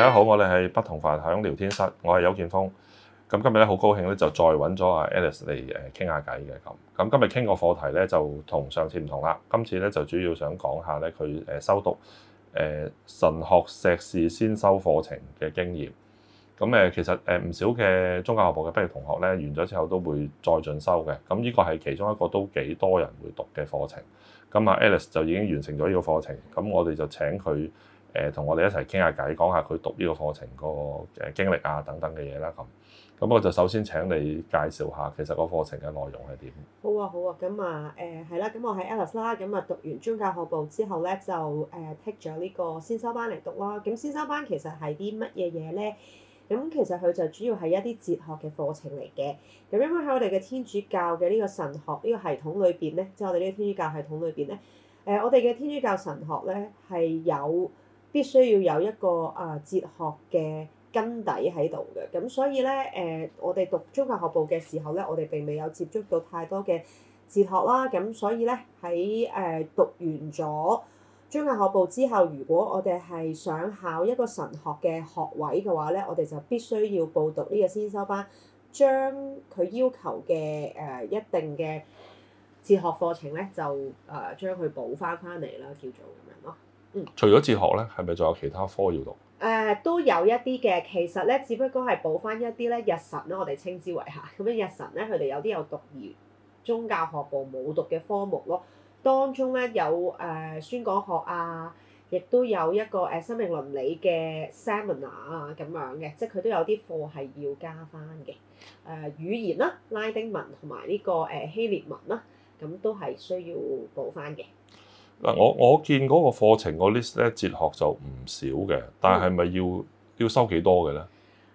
大家好，我哋係不同凡響聊天室，我係邱建峰。咁今日咧好高興咧，就再揾咗阿 Alice 嚟誒傾下偈嘅咁。咁今日傾個課題咧就同上次唔同啦。今次咧就主要想講下咧佢誒修讀誒神學碩士先修課程嘅經驗。咁誒其實誒唔少嘅宗教學部嘅畢業同學咧完咗之後都會再進修嘅。咁呢個係其中一個都幾多人會讀嘅課程。咁阿 Alice 就已經完成咗呢個課程，咁我哋就請佢。誒同我哋一齊傾下偈，講下佢讀呢個課程個誒經歷啊等等嘅嘢啦咁。咁我就首先請你介紹下其實個課程嘅內容係點啊？好啊好啊，咁啊誒係啦，咁、嗯、我喺 Alice 啦，咁啊讀完宗教學部之後咧就誒 pick 咗呢個先修班嚟讀啦。咁先修班其實係啲乜嘢嘢咧？咁其實佢就主要係一啲哲學嘅課程嚟嘅。咁因為喺我哋嘅天主教嘅呢個神學呢個系統裏邊咧，即、就、係、是、我哋呢個天主教系統裏邊咧，誒、呃、我哋嘅天主教神學咧係有。必須要有一個啊哲學嘅根底喺度嘅，咁所以咧誒、呃，我哋讀宗教學部嘅時候咧，我哋並未有接觸到太多嘅哲學啦，咁所以咧喺誒讀完咗宗教學部之後，如果我哋係想考一個神學嘅學位嘅話咧，我哋就必須要報讀呢個先修班，將佢要求嘅誒、呃、一定嘅哲學課程咧，就誒、呃、將佢補翻翻嚟啦，叫做咁樣咯。嗯、除咗哲學咧，係咪仲有其他科要讀？誒、呃，都有一啲嘅，其實咧，只不過係補翻一啲咧日神咯，我哋稱之為嚇。咁、嗯、樣日神咧，佢哋有啲有讀而宗教學部冇讀嘅科目咯。當中咧有誒、呃、宣講學啊，亦都有一個誒、呃、生命倫理嘅 seminar 啊咁樣嘅，即係佢都有啲課係要加翻嘅。誒、呃、語言啦、啊，拉丁文同埋呢個誒、呃、希臘文啦、啊，咁都係需要補翻嘅。嗱，我我見嗰個課程個 list 咧，哲學就唔少嘅，但係咪要要收幾多嘅咧？誒、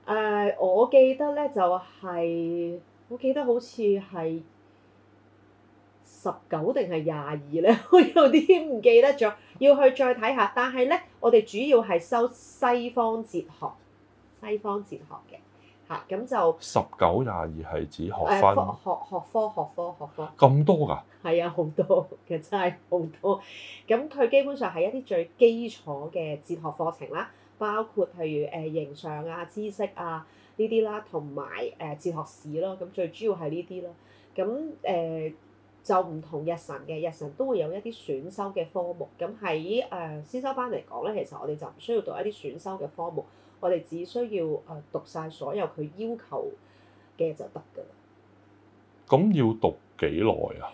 呃，我記得咧就係、是，我記得好似係十九定係廿二咧， 我有啲唔記得咗，要去再睇下。但係咧，我哋主要係收西方哲學，西方哲學嘅。嚇，咁就十九廿二係指學科、學學科、學科、學科咁多噶？係啊，好多嘅，真係好多。咁佢基本上係一啲最基礎嘅哲學課程啦，包括譬如誒、呃、形上啊、知識啊呢啲啦，同埋誒哲學史咯。咁最主要係呢啲咯。咁誒、呃、就唔同日神嘅日神都會有一啲選修嘅科目。咁喺誒先修班嚟講咧，其實我哋就唔需要讀一啲選修嘅科目。我哋只需要誒讀晒所有佢要求嘅就得㗎啦。咁要讀幾耐啊？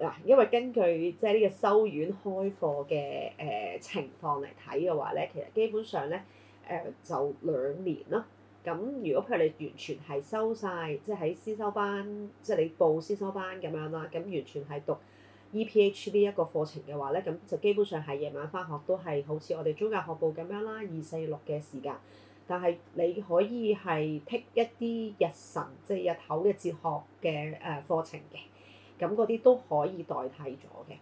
嗱， 因為根據即係呢個修院開課嘅誒、呃、情況嚟睇嘅話咧，其實基本上咧誒、呃、就兩年咯。咁如果譬如你完全係收晒，即係喺先修班，即係你報先修班咁樣啦，咁完全係讀。E.P.H 呢一個課程嘅話咧，咁就基本上係夜晚返學都係好似我哋宗教學部咁樣啦，二四六嘅時間。但係你可以係 take 一啲日神即係日頭嘅哲學嘅誒課程嘅，咁嗰啲都可以代替咗嘅。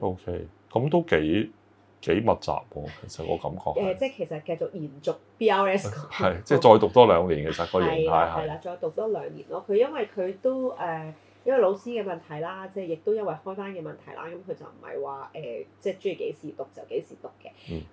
O.K. 咁都幾幾密集喎、啊，其實我感覺。誒、呃，即、就、係、是、其實繼續延續 B.R.S、那個。係， 即、就、係、是、再讀多兩年，其實 只個聯繫係。係啦、啊的，再讀多兩年咯。佢因為佢都誒。呃因為老師嘅問題啦，即係亦都因為開班嘅問題啦，咁佢就唔係話誒，即係中意幾時讀就幾時讀嘅，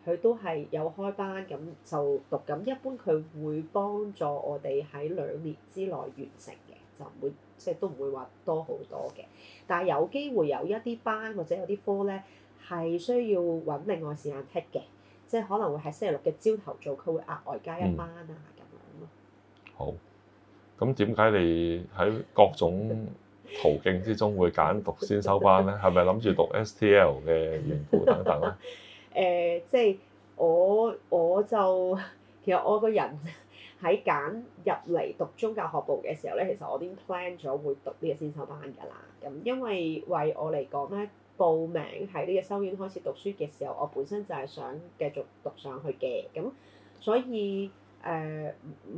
佢、嗯、都係有開班咁就讀咁。一般佢會幫助我哋喺兩年之內完成嘅，就唔會即係都唔會話多好多嘅。但係有機會有一啲班或者有啲科咧係需要搵另外時間嘅，即係可能會喺星期六嘅朝頭早，佢會額外加一班啊，咁、嗯、樣咯。好，咁點解你喺各種？途徑之中會揀讀先修班咧，係咪諗住讀 S T L 嘅語言等等咧？誒、 呃，即係我我就其實我個人喺揀入嚟讀宗教學部嘅時候咧，其實我已經 plan 咗會讀呢個先修班㗎啦。咁因為為我嚟講咧，報名喺呢個修院開始讀書嘅時候，我本身就係想繼續讀上去嘅，咁所以。誒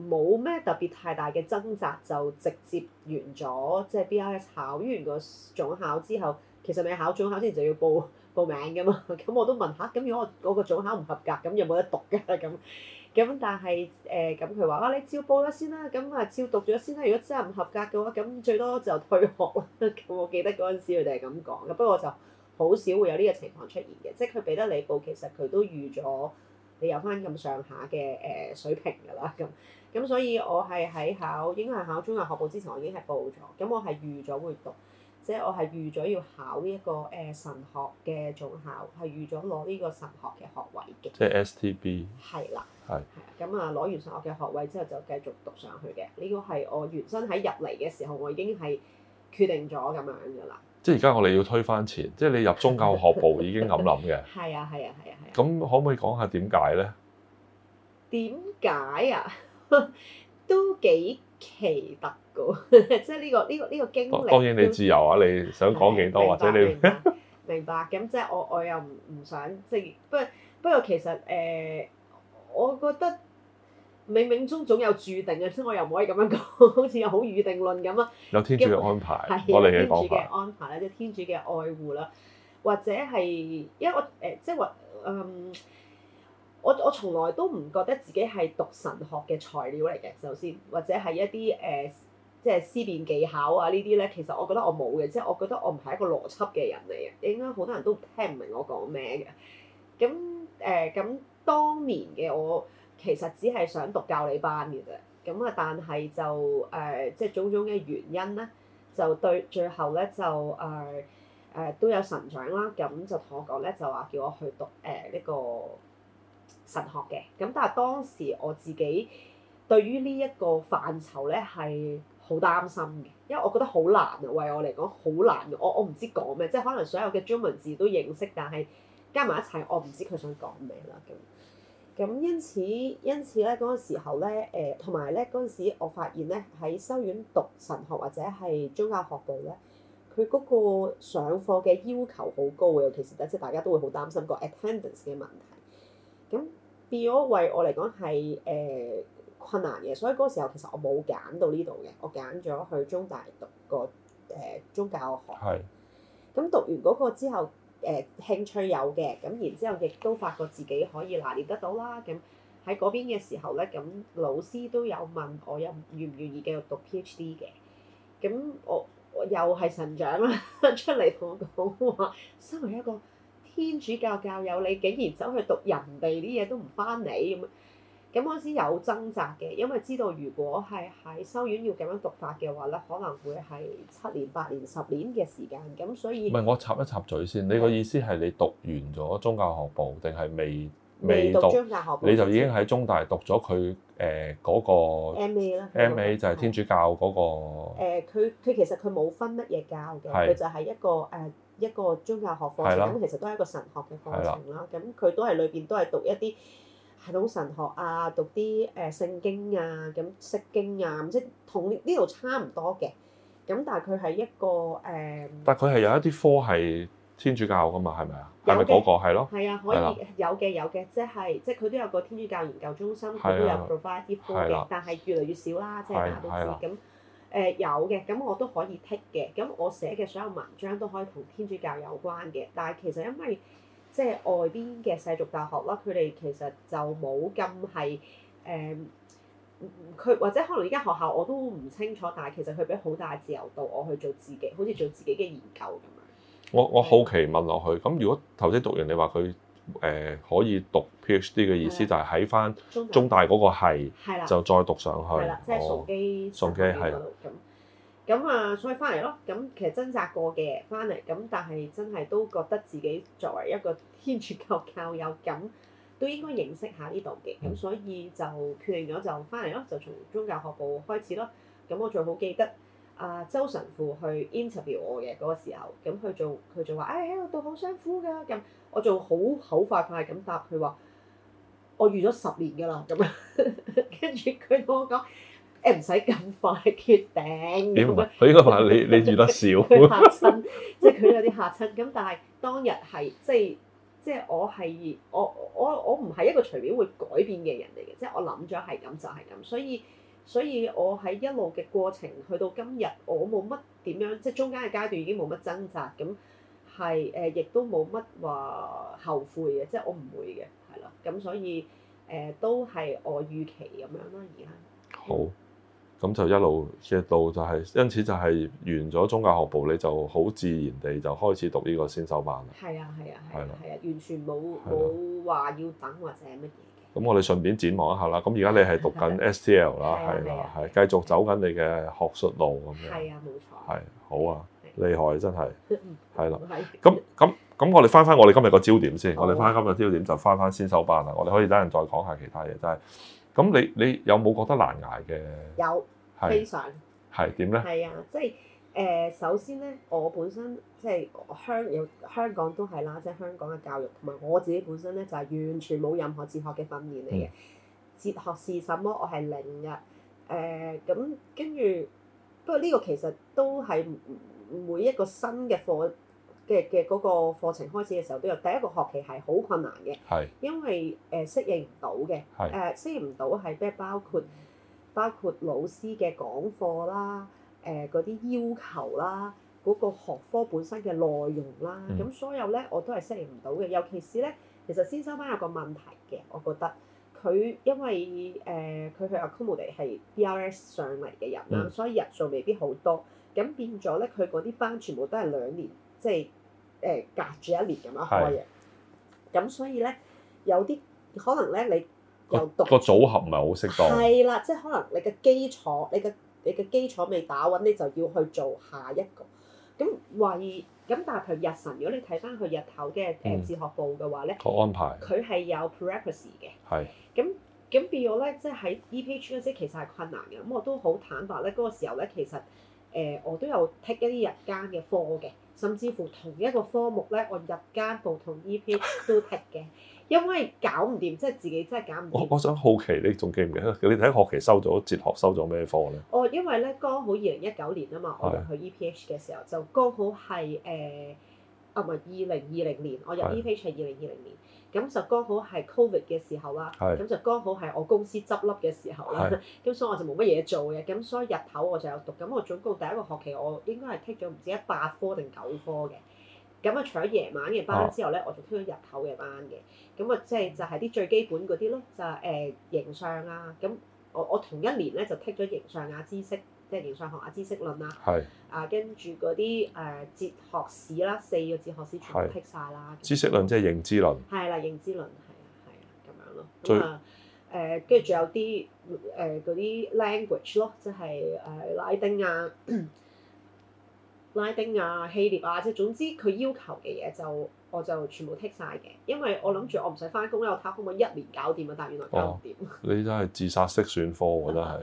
冇咩特別太大嘅掙扎，就直接完咗。即係 BIS 考完個總考之後，其實你考總考之前就要報報名噶嘛。咁、 嗯、我都問下，咁如果我我個總考唔合格，咁有冇得讀㗎咁？咁、 嗯、但係誒咁佢話啊，你照報咗先啦，咁啊照讀咗先啦。如果真係唔合格嘅話，咁最多就退學啦。咁、 嗯、我記得嗰陣時佢哋係咁講。不過就好少會有呢個情況出現嘅，即係佢俾得你報，其實佢都預咗。你有翻咁上下嘅誒水平㗎啦咁，咁所以我係喺考應該係考中學學部之前，我已經係報咗，咁我係預咗會讀，即係我係預咗要考呢個誒、呃、神學嘅總校，係預咗攞呢個神學嘅學位嘅。即係 STB。係啦。係是。係咁啊攞完神學嘅學位之後就繼續讀上去嘅，呢、這個係我原身喺入嚟嘅時候我已經係決定咗咁樣㗎啦。即係而家我哋要推翻前，即係你入宗教學部已經咁諗嘅。係 啊係啊係啊係。咁、啊、可唔可以講下點解咧？點解啊？ 都幾奇特噶。 即係、呢個、呢個呢、呢個呢、呢個經歷。當然你自由啊，你想講幾多或者你明白。明白咁即係我我又唔唔想即係不不過其實誒、呃，我覺得。冥冥中總有注定嘅，所以我又唔可以咁樣講，好似有好預定論咁啊！有天主嘅安排，後對我理解天主嘅安排啦，即係天主嘅愛護啦，或者係因為我誒、呃，即係話嗯，我我從來都唔覺得自己係讀神學嘅材料嚟嘅。首先，或者係一啲誒、呃，即係思辨技巧啊呢啲咧，其實我覺得我冇嘅，即係我覺得我唔係一個邏輯嘅人嚟嘅，應該好多人都聽唔明我講咩嘅。咁誒，咁、呃、當年嘅我。其實只係想讀教理班嘅啫，咁啊但係就誒、呃、即係種種嘅原因咧，就對最後咧就誒誒、呃呃、都有神長啦，咁就同我講咧就話叫我去讀誒呢、呃呢個神學嘅，咁但係當時我自己對於呢一個範疇咧係好擔心嘅，因為我覺得好難啊，為我嚟講好難，我我唔知講咩，即係可能所有嘅中文字都認識，但係加埋一齊我唔知佢想講咩啦咁。咁因此，因此咧嗰、嗰個時候咧，誒同埋咧嗰陣時，我發現咧喺修院讀神學或者係宗教學部咧，佢嗰個上課嘅要求好高嘅，尤其是咧，即係大家都會好擔心個 attendance 嘅問題。咁變咗為我嚟講係誒困難嘅，所以嗰時候其實我冇揀到呢度嘅，我揀咗去中大讀個誒、呃、宗教學。係是。咁讀完嗰個之後。誒、欸、興趣有嘅，咁然後之後亦都發覺自己可以拿捏得到啦。咁喺嗰邊嘅時候咧，咁老師都有問我，有願唔願意繼續讀 PhD 嘅？咁我，我又係神長啦， 出嚟同我講話，身為一個天主教教友，你竟然走去讀人哋啲嘢都唔翻嚟咁。咁嗰陣有掙扎嘅，因為知道如果係喺修院要咁樣讀法嘅話咧，可能會係七年、八年、十年嘅時間，咁所以唔係我插一插嘴先，你個意思係你讀完咗宗教學部定係未未，讀未讀宗教學部？你就已經喺中大讀咗佢誒嗰個 M A 啦 M. A.，M A 就係天主教嗰、那個佢佢、呃、其實佢冇分乜嘢教嘅，佢是的 就係一個誒、呃、一個宗教學課程，咁的其實都係一個神學嘅課程啦，咁佢都係裏邊都係讀一啲。的的系統神學啊，讀啲誒聖經啊，咁釋經啊，即係同呢度差唔多嘅。咁但係佢係一個誒，嗯、但係佢係有一啲科係天主教噶嘛，係咪啊？有嘅的嗰、那個係咯。係啊，可以是的 有嘅有嘅、就是，即係即係佢都有個天主教研究中心，佢的都有 provide 啲科嘅的，但係越嚟越少啦，即、就、係、是、大家都知。咁誒、嗯、有嘅，咁我都可以 take 嘅。咁我寫嘅所有文章都可以同天主教有關嘅，但係其實因為。即係外邊嘅世俗大學啦，佢哋其實就冇咁係誒，佢、嗯、或者可能依間學校我都唔清楚，但係其實佢俾好大自由度我去做自己，好似做自己嘅研究咁樣。我我好奇問落去，咁如果頭先讀完，你話佢誒可以讀 PhD 嘅意思，了就係喺返中大嗰個系，了就再讀上去，即係順機順、哦、機係。了咁啊，所以翻嚟咯。咁其實掙扎過嘅，翻嚟。咁但係真係都覺得自己作為一個天主教教友，咁都應該認識下呢度嘅。咁所以就決定咗就翻嚟咯，就從宗教學部開始咯。咁我仲好記得啊、呃，周神父去 interview 我嘅嗰、那個時候，咁佢做佢就話，唉，喺度好辛苦㗎咁。哎、我仲好口快快咁答佢話，我預咗十年㗎啦咁樣。 跟住佢同我講。即係唔使咁快決定。點啊？佢應該話你你住得少。嚇親，即係佢有啲嚇親。咁但係當日係即係即係我係我我我唔係一個隨便會改變嘅人嚟嘅。即係我諗咗係咁就係咁。所以所以我喺一路嘅過程去到今日，我冇乜點樣，即係中間嘅階段已經冇乜掙扎。咁係誒，亦都冇乜話後悔嘅，即係我唔會嘅，係喇。咁所以誒，都係我預期咁樣啦。而家好。咁就一路嘅到，就係，因此就係完咗宗教學部，你就好自然地就開始讀呢個先修班。係啊，係啊，係。係啊，完全冇冇話要等或者乜嘢嘅。咁我哋順便展望一下啦。咁而家你係讀緊 S T L 啦，係啦，係繼續走緊你嘅學術路咁樣。係啊，冇錯。係好啊，厲害真係。係啦。咁咁咁，我哋翻翻我哋今日個焦點先。我哋翻今日焦點就翻翻先修班啦。我哋可以等陣再講下其他嘢，真係。咁你你有冇覺得難捱嘅？有，是非常。係點咧？係啊，即係誒、呃，首先咧，我本身即係香，有香港都係啦，即係香港嘅教育同埋我自己本身咧，就係、是、完全冇任何哲學嘅訓練嚟嘅。嗯、哲學是什麼？我係零嘅。誒、呃，咁跟住，不過呢個其實都係每一個新嘅課。嘅嘅嗰個課程開始嘅時候都有第一個學期係好困難嘅，是因為誒、呃、適應唔到嘅，誒是、呃、適應唔到係咩？包括包括老師嘅講課啦，誒嗰啲要求啦，嗰、那個學科本身嘅內容啦，咁、嗯、所有咧我都係適應唔到嘅。尤其是咧，其實先修班有個問題嘅，我覺得佢因為誒佢、呃、佢阿 Accommodate 係 BRS 上嚟嘅人啦，嗯、所以人數未必好多，咁變咗咧佢嗰啲班全部都係兩年，即係。誒隔住一年咁樣開嘅，咁的所以咧有啲可能咧你個組合唔係好適當，係啦，即係可能你嘅、啊、基礎，你嘅你嘅基礎未打穩，你就要去做下一個咁為咁。但係佢日神，如果你睇翻佢日頭嘅誒哲學部嘅話咧，個安排佢係有 preparatory 嘅，係咁咁變咗咧，即係喺 E.P.H 嗰陣時其實係困難嘅。咁我都好坦白咧，嗰、那個時候咧其實誒、呃、我都有 take 一啲日間嘅科嘅。甚至乎同一個科目咧，我入間部同 E.P.H 都踢嘅，因為搞唔掂，即係自己真係搞唔掂。我、哦、我想好奇你仲記唔記得？你睇學期收咗哲學收咗咩科咧？哦，因為咧剛好二零一九年啊嘛，我哋去 E.P.H 嘅時候是就剛好係誒、呃，啊唔係二零二零年，我入 E.P.H 係二零二零年。是咁就剛好係 COVID 嘅時候啦，咁是就剛好係我公司執笠嘅時候啦，咁是所以我就冇乜嘢做嘅，咁所以日頭我就有讀，咁我總共第一個學期我應該係剔咗唔知一百科定九科嘅，咁啊除咗夜晚嘅班之後咧，我就剔咗日頭嘅班嘅，咁啊即係就係啲最基本嗰啲咯，就係誒形相啊，咁我我同一年咧就剔咗形相啊知識。即係連上學啊，知識論是啊，啊，跟住嗰啲誒哲學史啦，四個哲學史全部剔晒啦。是樣知識論即係認知論。係啦，認知論係啊，係啊，咁樣咯。咁啊以，誒、嗯，跟住仲有啲誒嗰啲、呃、language 咯，即係誒、呃、拉丁啊、 拉丁啊、希臘啊，即係總之佢要求嘅嘢就我就全部剔晒嘅，因為我諗住我唔使翻工咧，我睇下可唔可以一年搞掂啊？但係原來搞唔掂、哦。你都係自殺式選科喎，真係。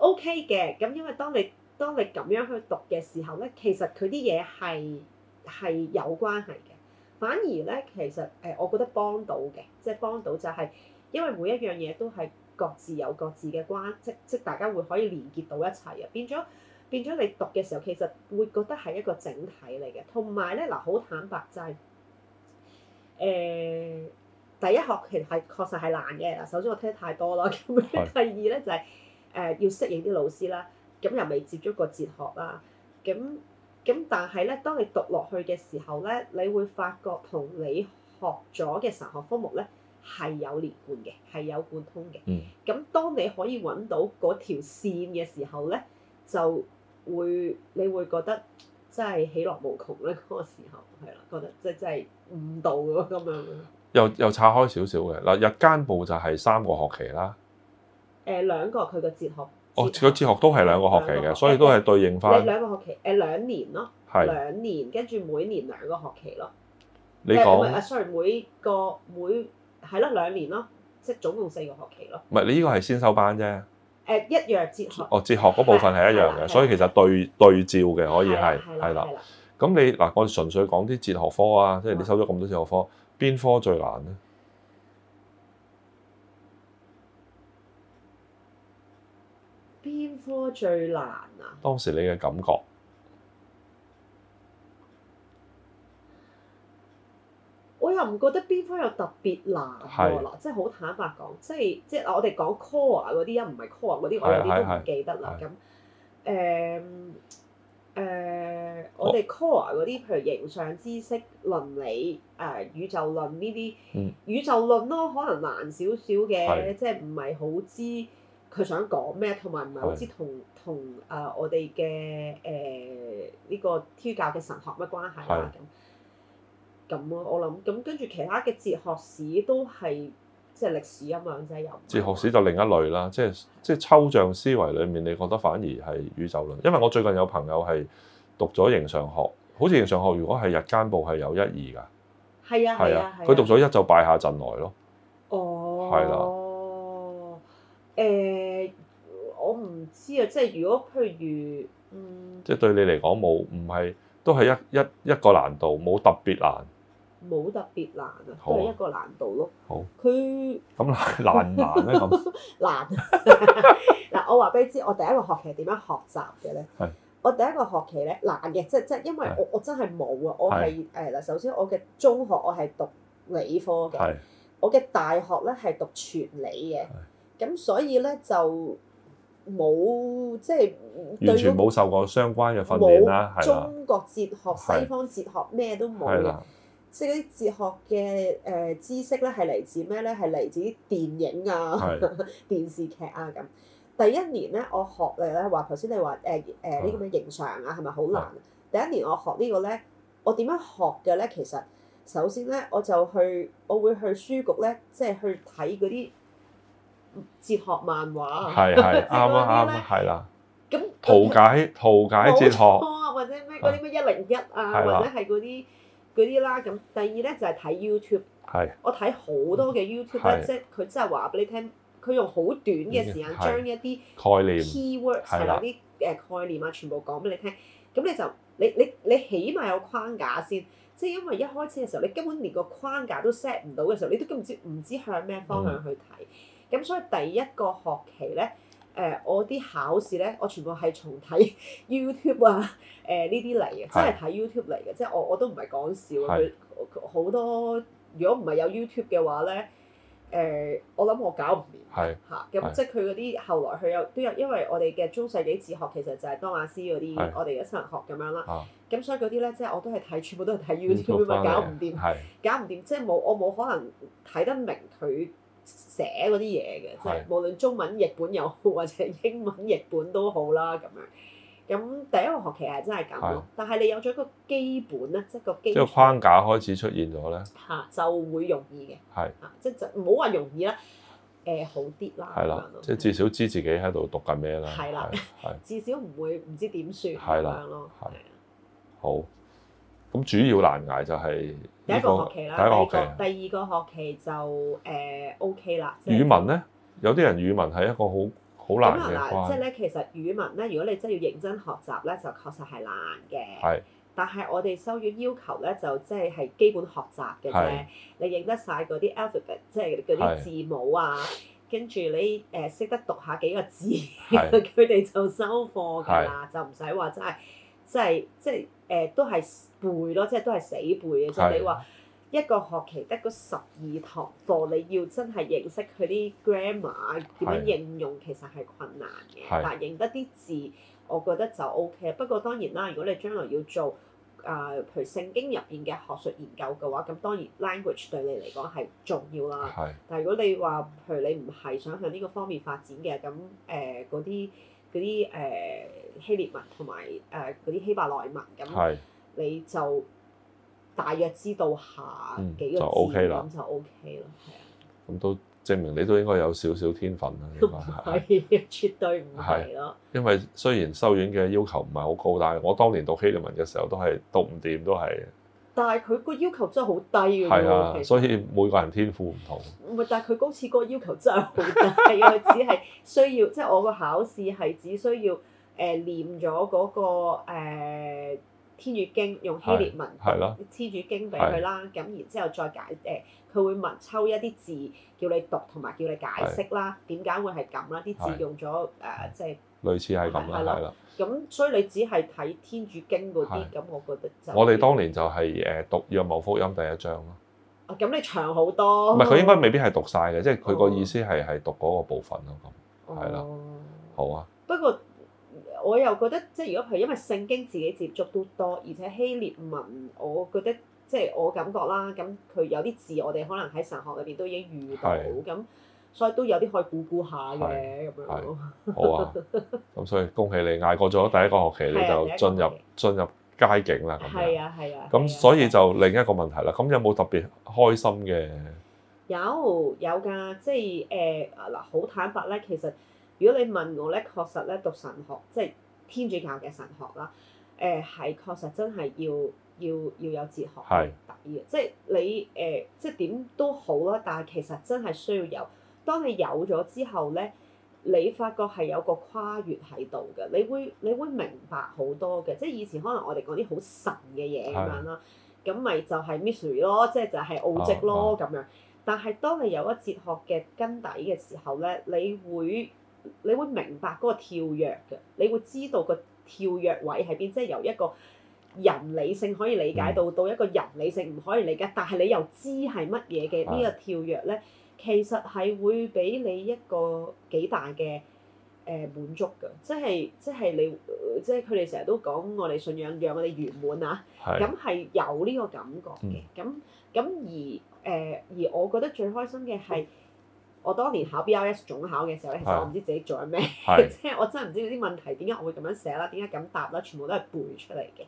O.K. 嘅，咁因為當你當你咁樣去讀嘅時候咧，其實佢啲嘢係係有關係嘅。反而咧，其實誒，我覺得幫到嘅，即係幫到就係因為每一樣嘢都係各自有各自嘅關，即即大家會可以連結到一齊啊。變咗變咗，你讀嘅時候其實會覺得係一個整體嚟嘅。同埋咧，嗱、呃、好坦白就係、是、誒、呃、第一學期係確實係難嘅。嗱，首先我聽得太多啦，是 第二咧就係、是。誒要適應啲老師啦，咁又未接觸過哲學啦，咁咁但係咧，當你讀落去嘅時候咧，你會發覺同你學咗嘅神學科目咧係有連貫嘅，係有貫通嘅。嗯。咁當你可以揾到嗰條線嘅時候咧，就會你會覺得真係喜樂無窮咧嗰個時候，係啦，覺得真真係悟道咁樣。又又拆開少少嘅。嗱，日間部就係三個學期啦。誒兩個佢個哲學，哲學、哦、哲學都係兩個學期嘅，所以都係對應翻。你兩個學期誒兩年咯，兩年跟住的每年兩個學期咯。你講，sorry 每個每係咯兩年咯，即總共四個學期咯。唔係你呢個係先修班啫。誒、啊、一樣哲學，哦哲學嗰部分係一樣嘅，啊、所以其實對對照嘅可以係係啦。咁你嗱，我純粹講啲哲學科啊，即係你收咗咁多哲學科，邊科最難咧？科最難啊？當時你嘅感覺，我又唔覺得邊方有特別難咯是，即係好坦白講，即係即係我哋講 core 嗰啲，一唔係 core 嗰啲，我有啲都唔記得啦。咁誒誒，我哋 core 嗰啲，譬如形上知識、倫理、誒、呃、宇宙論呢啲，嗯、宇宙論咯，可能難少少嘅，即係唔係好知。佢想講咩？同埋唔係好知同同誒我哋嘅誒呢個天主教嘅神學乜關係啊？咁咁咯，我諗咁跟住其他嘅哲學史都係即係歷史咁樣啫，有哲學史就另一類啦，即係即係抽象思維裡面，你覺得反而係宇宙論。因為我最近有朋友係讀咗形上學，好似形上學如果係日間部係有一二噶，係啊係啊，佢讀咗一就敗下陣來咯。哦的，係啦。誒、嗯，我唔知啊！即係如果譬如，嗯，即係對你嚟講冇，唔係都係一一一個難度，冇特別難，冇特別難啊，都係一個難度咯。好，佢咁他 難唔難咧嗎？咁 難嗱， 我話俾你知，我第一個學期係點樣學習嘅咧？係是我第一個學期咧難嘅，即即因為我是我真係冇啊！我係誒嗱，是首先我嘅中學我係讀理科嘅，是我嘅大學咧係讀全理嘅。咁所以咧就冇即係完全冇受過相關嘅訓練中國哲學、的西方哲學咩都冇的即係啲哲學嘅誒知識咧係嚟自咩咧？係嚟自電影啊、的電視劇啊咁。第一年咧，我學嚟咧話頭先你話誒誒呢啲咁嘅形象啊，係咪好難？第一年我學呢個咧，我點樣學嘅咧？其實首先咧，我就去我會去書局咧，即係去睇嗰啲。哲學漫畫，啱啊啱，係 啦樂。咁圖 解圖解哲學，或者咩嗰啲咩一零一啊，或者係嗰啲嗰啲啦。咁、啊、 第二咧就係、是、睇 YouTube， 我睇好多嘅 YouTube，即係佢真係話俾你聽，佢用好短嘅時間將一啲 keyword 係嗰啲誒概念啊，念全部講俾你聽。咁、 嗯、你就你你你，你起碼有框架先，即、就、係、是、因為一開始嘅時候，你根本連個框架都 set 唔到嘅時候，你都不清不清都唔知唔知向咩方向去睇。嗯 咁所以第一個學期咧，誒、呃、我啲考試咧，我全部係重睇 YouTube 啊，誒呢啲嚟嘅，真係睇 YouTube 嚟嘅，即係我我都唔係講笑，佢好是多如果唔係有 YouTube 嘅話咧，誒、呃、我諗我搞唔掂，嚇嘅是，啊、即係佢嗰啲後來佢有都有，因為我哋嘅中世紀哲學其實就係當亞斯嗰啲，是我哋嘅生物學咁樣啦，咁、啊、所以嗰啲咧即係我都係睇，全部都係睇 YouTube 咪搞唔、嗯、掂，搞唔掂、嗯，即係冇我冇可能睇得明佢。寫嗰啲嘢嘅，即係無論中文譯本又好，或者英文譯本都好啦，咁樣。咁第一個學期係真係咁，但係你有咗一個基本咧，即係個基即係框架開始出現咗咧嚇，就會容易嘅係嚇，即係就唔好話容易啦，誒好啲啦咁樣，即係至少知自己喺度讀緊咩啦，係啦，係至少唔會唔知點算咁樣咯，係啊，好，咁主要難捱就係。第一個學期啦，第二第二個學期就誒 OK 啦。語文咧，有啲人語文係一個好好難嘅關。即係咧，其實語文咧，如果你真係要認真學習咧，就確實係難嘅。係。但係我哋修院要求咧，就即係係基本學習嘅啫。你認得晒嗰啲 alphabet，即係啲字母啊，跟住你誒識得讀下幾個字，佢哋就收貨㗎啦，就唔使話真係真係真係。誒、呃、都係背咯，即係都係死背嘅。即係你話一個學期得嗰十二堂課，你要真係認識佢啲 grammar 啊，點樣應用是其實係困難嘅。嗱是，但認得啲字，我覺得就 O K。不過當然啦，如果你將來要做啊、呃，譬如聖經入邊嘅學術研究嘅話，咁當然 language 對你嚟講係重要啦。是但係如果你話譬如你唔係想向呢個方面發展嘅，咁誒嗰啲嗰啲誒。呃希臘文同埋誒嗰啲希伯來文咁，你就大約知道下幾個字咁、嗯、就 O K 啦，咁都證明你都應該有少少天分啦，應該係。唔係，絕對唔係咯。因為雖然修院嘅要求唔係好高，但係我當年讀希臘文嘅時候都係讀唔掂，都係。但係佢個要求真係好低嘅喎。係啊，所以每個人天賦唔同。唔係，但係佢嗰次嗰個要求真係好低， 只係需要即係、就是、我個考試係只需要。誒念咗嗰個天主經，用希臘文讀天主經俾佢啦，咁然之後再解誒，佢會問抽一啲字叫你讀，同埋叫你解釋啦，點解會係咁啦？啲字用咗誒，即係類似係咁啦，係啦。咁所以你只係睇天主經嗰啲，咁我覺得就我哋當年就係誒讀若望福音第一章咯。啊，咁你長好多。唔係，佢應該未必係讀晒嘅，即係佢個意思係係讀嗰個部分咯。咁係啦，好啊。不過。我又覺得，即係如果佢因為聖經自己接觸都多，而且希臘文，我覺得即係我感覺啦，咁佢有啲字我哋可能喺神學入邊都已經遇到，咁是所以都有啲可以估估下嘅咁樣咯。 好啊，咁所以恭喜你捱過咗第一個學期，你就進入進、啊、入佳境啦咁樣。係啊係啊。咁、啊、所以就另一個問題啦，咁有冇特別開心嘅？有有㗎，即係誒嗱，好、呃、坦白咧，其實。如果你問我咧，確實咧讀神學，即係天主教嘅神學啦，誒係確實真係要要要有哲學嘅底嘅是、呃，即係你誒即係點都好啦，但係其實真係需要有，當你有咗之後咧，你發覺係有個跨越喺度嘅，你會你會明白好多嘅，即係以前可能我哋講啲好神嘅嘢咁樣啦，咁咪就係 mystery 咯，即係就係奧跡咯咁、哦哦、樣。但係當你有咗哲學嘅根底嘅時候咧，你會。你會明白嗰個跳躍嘅，你會知道個跳躍位喺邊，即係由一個人理性可以理解到、嗯、到一個人理性唔可以理解，但係你又知係乜嘢嘅呢個跳躍咧，其實係會俾你一個幾大嘅誒滿足㗎，即係即係你即係佢哋成日都講我哋信仰讓我哋圓滿啊，咁係是 有呢個感覺嘅，咁咁、嗯、而誒、呃、而我覺得最開心嘅係。嗯我當年考 BRS 總考嘅時候咧，其實我唔知自己做緊咩，即係是 我真係唔知啲問題點解我會咁樣寫啦，點解咁答啦，全部都係背出嚟嘅。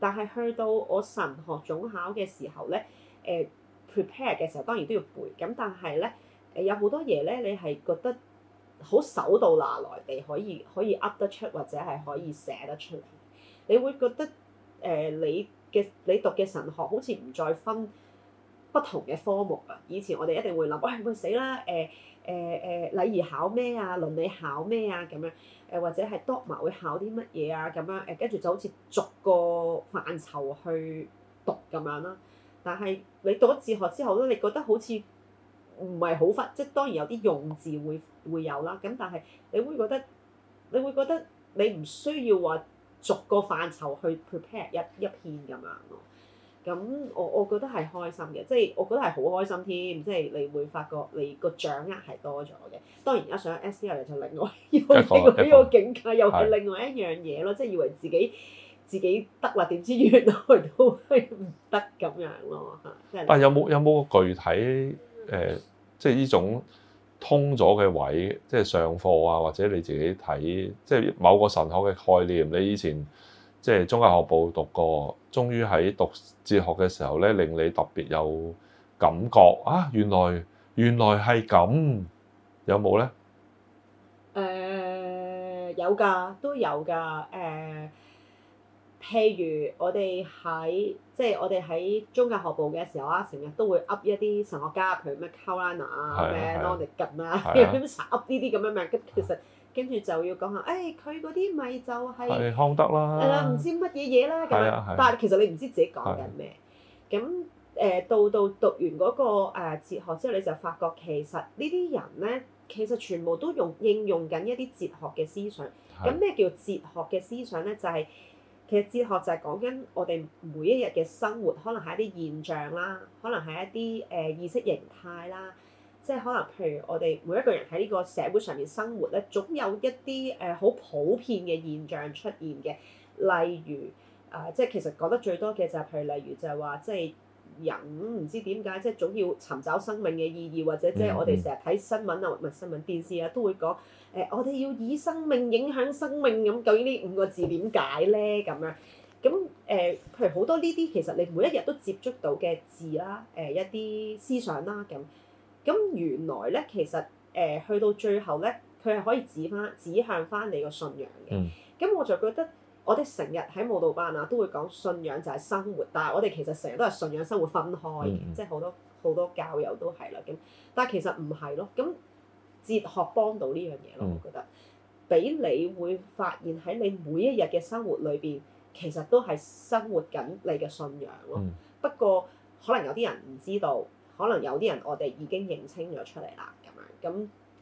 但係去到我神學總考嘅時候咧，誒 prepare 嘅時候當然都要背，咁但係咧誒有好多嘢咧，你係覺得好手到拿來地，可以可以噏得出或者係可以寫得出嚟，你會覺得誒、呃、你嘅你讀嘅神學好似唔再分。不同嘅科目啊，以前我哋一定會諗，喂、哎，唔死啦，誒誒誒，禮儀考咩啊，倫理考咩啊，咁樣誒，或者係 doc 會考啲乜嘢啊，咁樣誒，跟住就好似逐個範疇去讀咁樣咯。但係你讀咗哲學之後咧，你覺得好似唔係好忽，即係當然有啲用字會會有啦。咁但係你，你會覺得你會覺得你唔需要話逐個範疇去 prepare 一一篇咁樣咯。咁我我覺得係開心嘅，即係我覺得係好開心添，即係你會發覺你個掌握係多咗嘅。當然而家上咗 S T E 就另外又係個另一個境界，又係另外一樣嘢咯，即係以為自己自己得啦，點知原來都係唔得咁樣咯。但、啊、有冇有冇具體誒、呃？即係呢種通咗嘅位，即係上課啊，或者你自己睇，即係某個神學嘅概念，你以前即係中學學部讀過。終於喺讀哲學嘅時候咧，令你特別有感覺啊！原來原來係咁，有冇咧？誒有㗎，都有㗎。誒譬如我哋喺即係我哋喺宗教學部嘅時候啊，成日都會 up 一啲神學家譬如咩 Carolina 啊，咩 k n o 啊，點 up 呢啲咁樣嘅，其實。跟住就要講下，誒佢嗰啲咪就係、係、康德啦，誒唔、啊、知乜嘢嘢啦咁。啊啊、但係其實你唔知自己講緊咩。咁誒、啊、到到讀完嗰個誒哲學之後，你就發覺其實呢啲人咧，其實全部都用應用緊一啲哲學嘅思想。咁咩、啊、叫哲學嘅思想咧？就係、係、其實哲學就係講緊我哋每一日嘅生活，可能係一啲現象啦，可能係一啲誒意識形態啦。即係可能，譬如我哋每一個人喺呢個社會上面生活咧，總有一啲誒好普遍嘅現象出現嘅。例如，啊、呃，即係其實講得最多嘅就係，譬如，例如就係話，即係人唔知點解，即係總要尋找生命嘅意義，或者即係我哋成日睇新聞啊，唔係新聞電視啊，都會講誒、呃，我哋要以生命影響生命咁。究竟呢五個字點解咧？咁樣咁誒、呃，譬如好多呢啲其實你每一日都接觸到嘅字啦，誒、呃、一啲思想啦咁。咁原來咧，其實誒、呃、去到最後咧，佢係可以指翻指向翻你個信仰嘅。咁、嗯、我就覺得，我哋成日喺慕道班啊都會講信仰就係生活，但係我哋其實成日都係信仰生活分開嘅，嗯、即係好多好多教友都係啦。咁但係其實唔係咯，咁哲學幫到呢樣嘢咯，嗯、我覺得俾你會發現喺你每一日嘅生活裏邊，其實都係生活緊你嘅信仰咯。嗯、不過可能有啲人唔知道。可能有啲人我哋已經認清咗出嚟啦，咁樣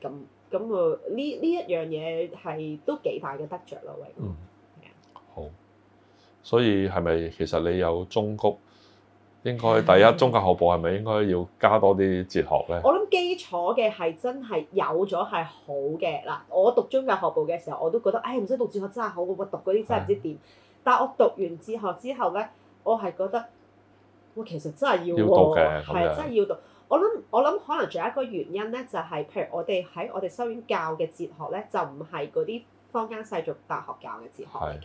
咁咁咁啊呢呢一樣嘢係都幾大嘅得着，咯，威、嗯！好、嗯，所以係咪其實你有中谷？應該第一的中教學部係咪應該要加多啲哲學咧？我諗基礎嘅係真係有咗係好嘅嗱，我讀中教學部嘅時候我都覺得，唉，唔知讀哲學真係好，我讀嗰啲真係唔知點。的但我讀完哲學之後咧，我係覺得。哇！其實真係要喎，係真係要讀。我諗我諗，可能仲有一個原因咧，就係、是、譬如我哋喺我哋修院教嘅哲學咧，就唔係嗰啲坊間世俗大學教嘅哲學嚟嘅。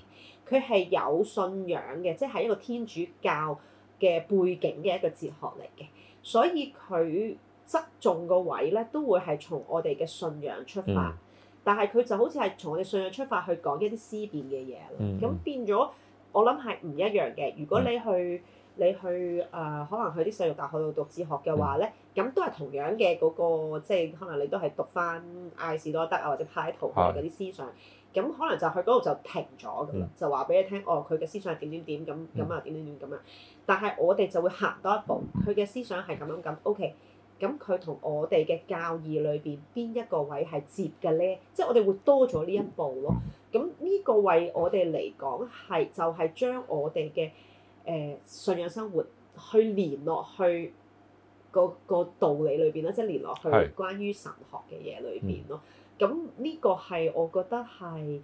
佢係是有信仰嘅，即係一個天主教嘅背景嘅一個哲學嚟嘅，所以佢側重個位咧都會係從我哋嘅信仰出發。嗯、但係佢就好似係從我哋信仰出發去講一啲思辨嘅嘢。咁變咗，我諗係唔一樣嘅。如果你去你去誒、呃，可能去啲細幼大學度讀哲學嘅話咧，咁、嗯、都係同樣嘅嗰、那個，即係可能你都係讀翻亞里士多德啊或者柏拉圖嘅嗰啲思想，咁、嗯、可能就去嗰度就停咗咁啦，就話俾你聽，哦，佢嘅思想係點點點咁，咁啊點點點咁樣。嗯、但係我哋就會行多一步，佢嘅思想係咁樣咁，OK。咁佢同我哋嘅教義裏邊邊一個位係接嘅咧？即、就、係、是、我哋會多咗呢一步咯。咁呢個位我哋嚟講係就係、是、將我哋嘅。誒信仰生活去連落去個,個道理裏邊啦，即係連落去關於神學嘅嘢裏邊咯。咁呢的、嗯、個係我覺得係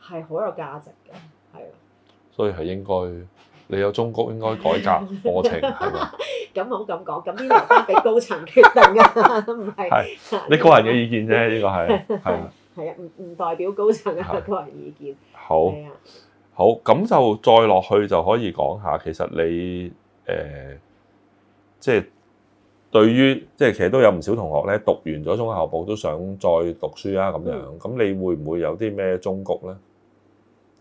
係好有價值嘅，係啊。所以係應該，你有中國應該改革課程。咁好咁講，咁呢個係俾高層決定嘅，唔 係是。你個人嘅意見啫，呢、這個係係。係啊，唔唔代表高層嘅個人意見。好。 好，咁就再落去就可以講下，其實你誒即係對於即係其實都有唔少同學咧讀完咗宗教學部都想再讀書啊咁樣，咁你會唔會有啲咩忠告咧？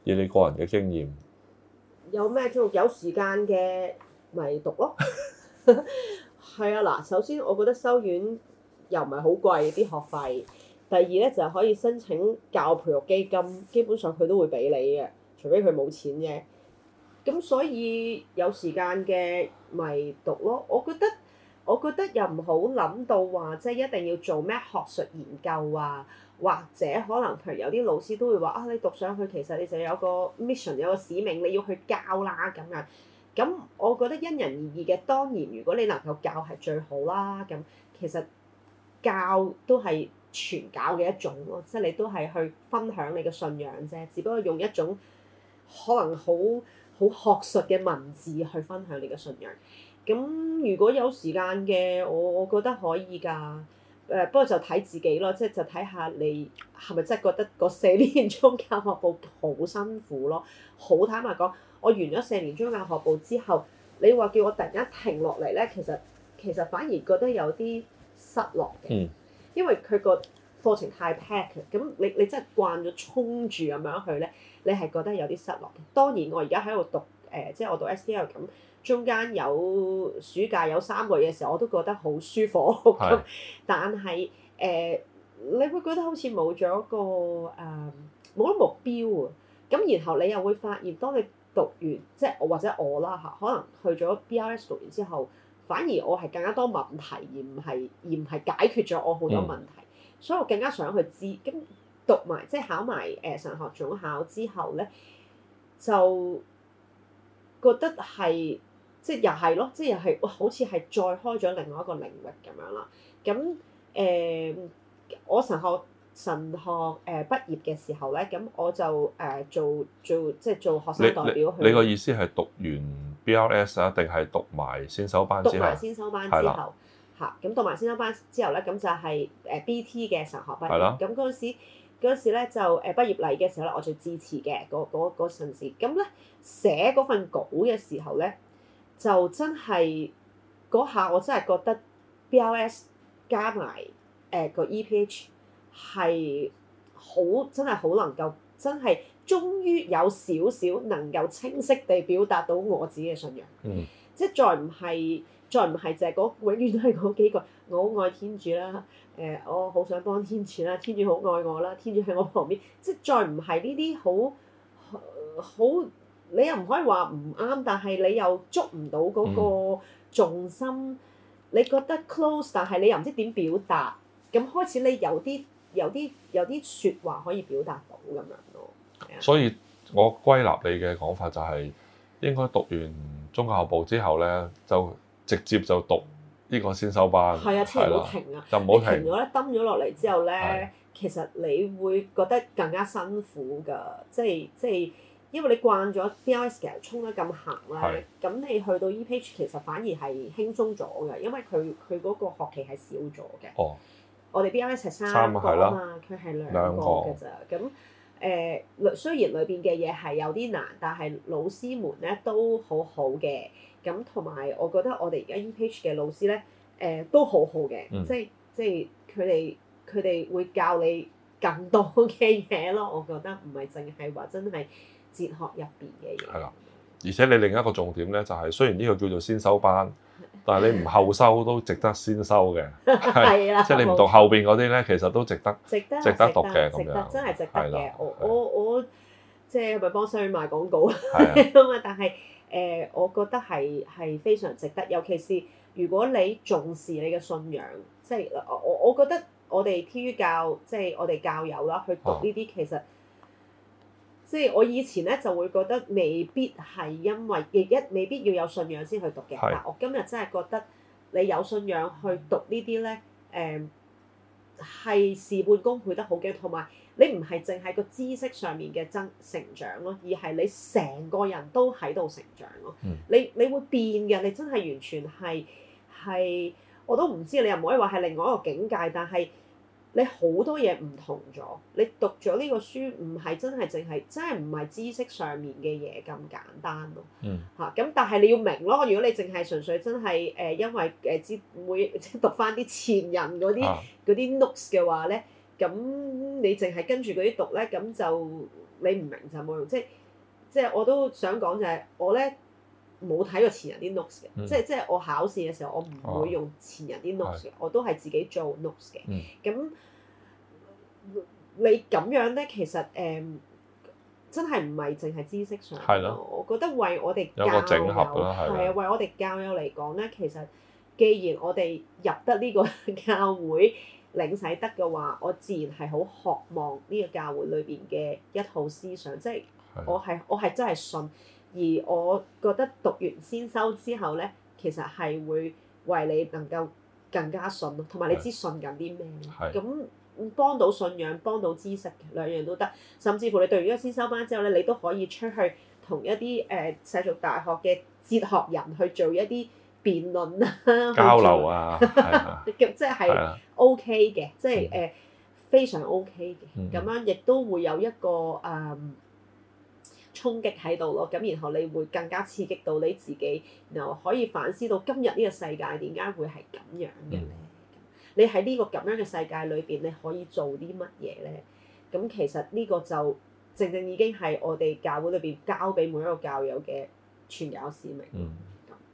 以你個人嘅經驗，有咩忠告？有時間嘅咪讀咯。係啊，嗱，首先我覺得修院又唔係好貴啲學費，第二咧就係可以申請教培育基金，基本上佢都會俾你嘅。除非佢冇錢啫，咁所以有時間嘅咪讀咯。我覺得我覺得又唔好諗到話，即係一定要做咩學術研究啊，或者可能譬如有啲老師都會話啊，你讀上去其實你就有個 mission，有個使命，你要去教啦咁樣。咁我覺得因人而異嘅。當然，如果你能夠教係最好啦。咁其實教都係傳教嘅一種咯，即係你都係去分享你嘅信仰啫，只不過用一種，可能好好學術嘅文字去分享你嘅信仰。咁如果有時間嘅，我我覺得可以㗎。誒、呃，不過就睇自己咯，即係就睇下你係咪真係覺得個四年宗教學部好辛苦咯。好坦白講，我完咗四年宗教學部之後，你話叫我突然間停落嚟咧，其實其實反而覺得有啲失落嘅，嗯、因為佢個課程太 pack，咁你你真係慣咗衝住咁樣去咧，你係覺得有啲失落。當然我在在，我而家喺度讀誒，即係我讀 S.T.L. 咁，中間有暑假有三個月嘅時候，我都覺得好舒服咁。 是但係誒、呃，你會覺得好似冇咗個誒冇咗目標啊！咁然後你又會發現，當你讀完即係我或者我啦嚇，可能去咗 B.R.S. 讀完之後，反而我係更加多問題，而唔係而唔係解決咗我好多問題。嗯。所以我更加想去知，咁讀埋即係考埋誒神學總考之後咧，就覺得係即係又係咯，即係又係，好似係再開咗另外一個領域咁樣啦。咁誒、呃，我神學神學誒畢業嘅時候咧，咁我就誒、呃、做做即係做學生代表去你。你你個意思係讀完 BRS 啊，定係讀埋先修班？讀埋先修班之後。嚇！咁讀埋先生班之後咧，咁就係誒 B.T. 嘅神學畢業。咁嗰陣時，嗰陣時咧就誒畢業禮嘅時候咧，我做致辭嘅嗰嗰嗰陣時。咁咧寫嗰份稿嘅時候咧，就真係嗰下我真係覺得 B.L.S. 加埋誒個 E.P.H. 係好真係好能夠真係終於有少少能夠清晰地表達到我自己嘅信仰。嗯、即係再唔係。再唔係就係嗰永遠都係嗰幾個，我好愛天主啦，誒、呃、我好想幫天主啦，天主好愛我啦，天主喺我旁邊，即係再唔係呢啲好好你又唔可以話唔啱，但係你又捉唔到嗰個重心，嗯、你覺得 close，但係你又唔知點表達，咁開始你有啲有啲有啲説話可以表達到咁樣咯。所以我歸納你嘅講法就係、是、應該讀完宗教部之後咧就，直接就讀呢、這個先修班，係啊，千祈唔好停啊！就唔好停咗咧，蹲咗落嚟之後咧，啊、其實你會覺得更加辛苦㗎。即係即係，因為你慣咗 b i s 其實衝得咁行啦，咁你去到 E p a 其實反而係輕鬆咗嘅，因為佢佢嗰個學期係少咗嘅。哦，我哋 b i s 係三個 啊嘛，佢係兩個㗎咋？咁誒個、呃，雖然裏邊嘅嘢係有啲難，但係老師們咧都好好嘅。咁同埋，我覺得我哋而家 E.H. 嘅老師咧，誒都好好嘅，即係即係佢哋佢哋會教你更多嘅嘢咯。我覺得唔係淨係話真係哲學入邊嘅嘢。係啦，而且你另一個重點咧，就係雖然呢個叫做先修班，但係你唔後修都值得先修嘅。係啦，即係你唔讀後邊嗰啲咧，其實都值得，值得，值得讀嘅咁樣，真係值得嘅。我我我即係咪幫商譽賣廣告啊嘛？但係。誒、呃，我覺得係係非常值得，尤其是如果你重視你嘅信仰，即係我我我覺得我哋天主教，即係我哋教友啦，去讀呢啲其實，即係我以前咧就會覺得未必係因為亦一，未必要有信仰先去讀嘅。是但我今日真係覺得你有信仰去讀呢啲咧，誒、呃、係事半功倍得好驚，同埋。你唔係淨係個知識上面嘅增成長咯，而係你成個人都喺度成長咯。嗯、你你會變嘅，你真係完全係係我都唔知，你又唔可以話係另外一個境界，但係你好多嘢唔同咗。你讀咗呢個書唔係真係淨係真係唔係知識上面嘅嘢咁簡單咯。嚇咁、嗯啊，但係你要明咯。如果你淨係純粹真係誒、呃、因為誒、呃、知每即係讀翻啲前人嗰啲嗰啲 notes 嘅話咧。咁你淨係跟住嗰啲讀咧，咁就你唔明就冇用，即係即係我都想講就係、係、我咧冇睇過前人啲 notes 嘅，嗯、即係即係我考試嘅時候我唔會用前人啲 notes 嘅，哦、我都係自己做 notes 嘅。咁、嗯、你咁樣咧，其實誒、嗯、真係唔係淨係知識上咯，的我覺得為我哋教係啊，為我哋教友嚟講咧，其實既然我哋入得呢個教會，領洗得嘅話，我自然係好渴望呢個教會裏邊嘅一套思想，即係我係我係真係信。而我覺得讀完先修之後咧，其實係會為你能夠更加信同埋你知信緊啲咩？咁幫是到信仰，幫到知識，兩樣都得。甚至乎你讀完一個先修班之後咧，你都可以出去同一啲誒世俗大學嘅哲學人去做一啲。辯論啊， 交流啊，啊 即係 OK 嘅，嗯、即係誒非常 OK 嘅，咁、嗯、樣亦都會有一個誒、嗯、衝擊喺度咯。咁然後你會更加刺激到你自己，然後可以反思到今日呢個世界點解會係咁樣嘅咧？嗯、你喺呢個咁樣嘅世界裏邊，你可以做啲乜嘢咧？咁其實呢個就正正已經係我哋教會裏邊交俾每一個教友嘅傳教使命、嗯。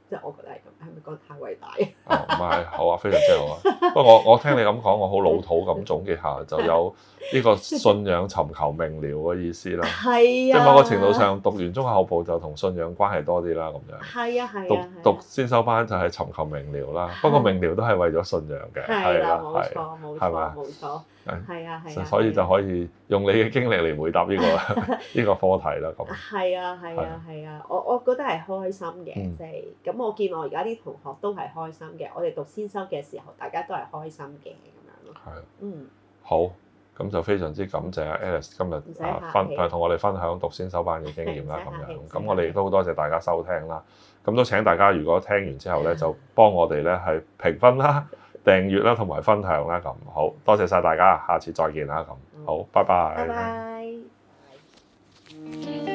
即係我覺得係咁，係咪覺得太偉大啊？唔 係、oh，好啊，非常之好啊！不過我我聽你咁講，我好老土咁總結下，就有呢個信仰尋求明瞭嘅意思啦。係啊！即係某個程度上，讀完中學後部就同信仰關係多啲啦，咁樣。係啊，係啊，讀！讀先修班就係尋求明瞭啦。啊、不過明瞭都係為咗信仰嘅。係啦、啊，冇錯冇錯，係嘛、啊？冇錯。吧係啊，係啊，所以就可以用你嘅經歷嚟回答呢個呢個課題啦。咁係啊，係啊，係啊，我我覺得係開心嘅，即係咁。我見我而家啲同學都係開心嘅。我哋讀先修嘅時候，大家都係開心嘅咁樣咯。係啊，嗯，好，咁就非常之感謝 Alice 今日分同我哋分享讀先修班嘅經驗啦。咁樣咁我哋都多謝大家收聽啦。咁都請大家如果聽完之後咧，就幫我哋咧係評分啦。訂閱啦，同埋分享啦，咁好，多謝晒大家，下次再見啦，咁好，嗯、拜拜。拜拜